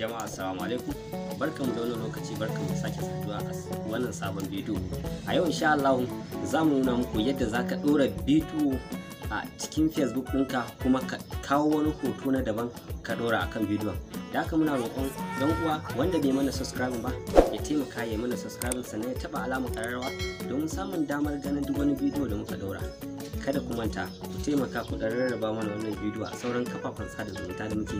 jama'a assalamu alaikum barkan da wannan lokaci barkan mu sake saduwa a wannan sabon bidiyo a yau insha Allah za mu nuna muku yadda za ka ɗora bidiyo a cikin facebook ɗinka kuma ka kawo wani hoto na daban ka ɗora akan bidiyon da aka muna roƙon don uwa wanda bai mana subscribe ba ya taimaka ya mana subscribe sannan ya taba alamar kararrawa domin samun damar ganin duk wani bidiyo da muka daura kada ku manta ku taimaka ku dan rarraba mana wannan bidiyo a sauran kafafen sada zumunta da muke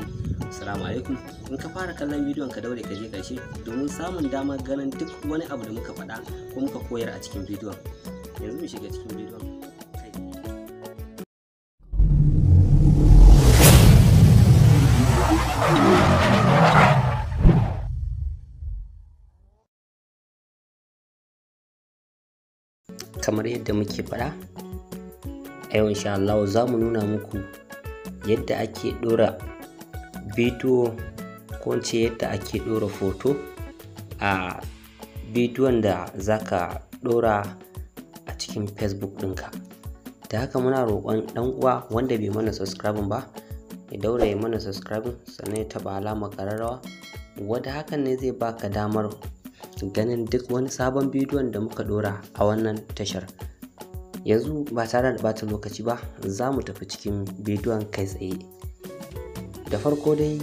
assalamu alaikum in ka fara kallon bidiyon ka daure ka je karshe domin samun damar ganin duk wani abu da muka faɗa ko muka koyar a cikin bidiyon yanzu mu shiga cikin bidiyon kamar yadda muke faɗa a yau insha Allah za mu nuna muku yadda ake ɗora bidiyo ko ce yadda ake ɗora foto a bidiyon da za ka ɗora a cikin facebook ɗinka da haka muna roƙon ɗan uwa wanda bai mana subscribe ba ya daura ya mana subscribe sannan ya taɓa alama ƙararrawa wadda hakan ne zai baka damar ganin duk wani sabon bidiyon da muka dora a wannan tashar yanzu ba tare da bata lokaci ba za mu tafi cikin bidiyon kai tsaye da farko dai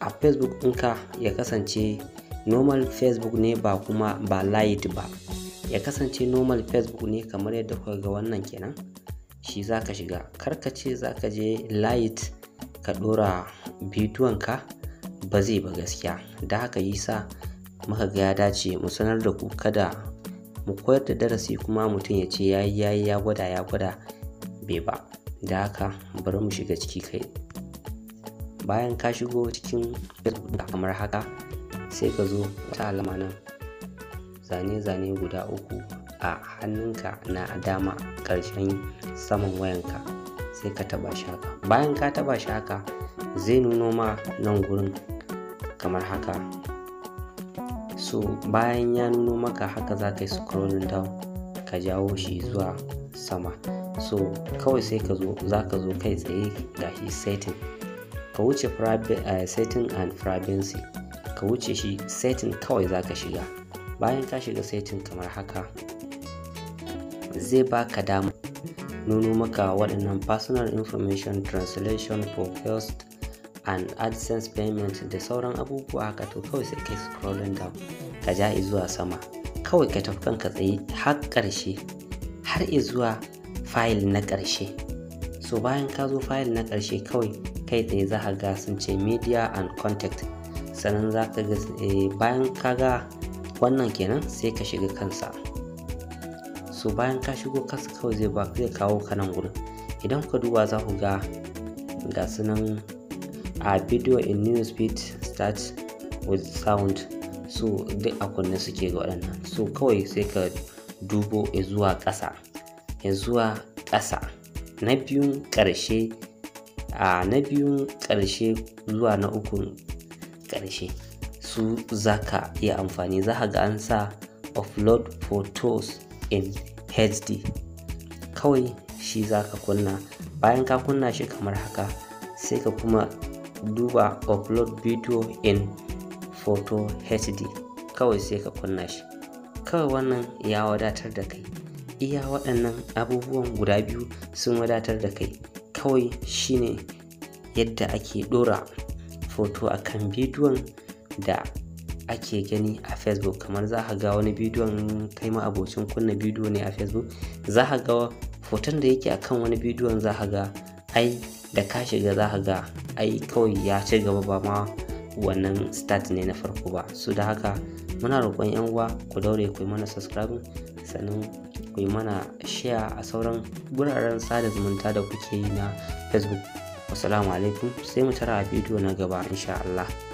a facebook ɗinka ya kasance normal facebook ne ba kuma ba light ba ya kasance normal facebook ne kamar yadda kuka ga wannan kenan shi za ka shiga karkace ce za ka je light ka ɗora ka ba zai ba gaskiya da haka yi sa muka ga ya dace mu sanar da ku kada mu koyar da darasi kuma mutum ya ce ya yi ya gwada ya gwada bai ba da haka bari mu shiga ciki kai bayan ka shigo cikin kamar haka sai ka zo wata alama nan zane-zane guda uku a hannunka na dama ƙarshen saman wayanka sai ka taba shi haka bayan ka taba shi haka zai nuno ma nan gurin kamar haka so bayan ya nuno maka haka za ka yi scrolling down ka jawo shi zuwa sama so kawai sai ka zo za ka zo kai tsaye ga shi setting ka wuce uh, setting and privacy ka wuce shi setting kawai za ka shiga bayan ka shiga setting kamar haka zai baka dama nuno maka waɗannan personal information translation for first and adsense payment da sauran abubuwa haka to kawai sai kai scrolling down ka ja zuwa sama kawai ka tafi kanka tsaye har ƙarshe har zuwa file na ƙarshe so bayan ka zo file na ƙarshe kawai kai tsaye za ka ga sun ce media and contact sannan za ka ga eh, bayan ka ga wannan kenan sai ka shiga kansa so bayan ka shigo kansa kawai zai kawo ka nan gurin idan ka duba za ku ga ga sunan nan a video in news speed start with sound so duk a kunne suke ga waɗannan so kawai sai ka dubo ya zuwa ƙasa ya zuwa ƙasa na biyun ƙarshe a na biyu ƙarshe zuwa na uku ƙarshe su za ka iya amfani za ka ga an sa upload photos in hd kawai shi za ka kunna bayan ka kunna shi kamar haka sai ka kuma duba upload video in photo hd kawai sai ka kunna shi kawai wannan ya wadatar da kai iya waɗannan abubuwan guda biyu sun wadatar da kai kawai shine yadda ake ɗora foto a kan bidiyon da ake gani a facebook kamar za ka ga wani bidiyon kai ma abocin kunna bidiyo ne a facebook za ka ga hoton da yake akan wani bidiyon za ka ga ai da ka shiga za ga ai kawai ya ci gaba ba ma wannan start ne na farko ba su da haka muna roƙon yan uwa ku daure ku yi mana subscribe sannan ku yi mana share a sauran guraren sada zumunta da kuke yi na facebook wasu alaikum sai mu tara a bidiyo na gaba insha Allah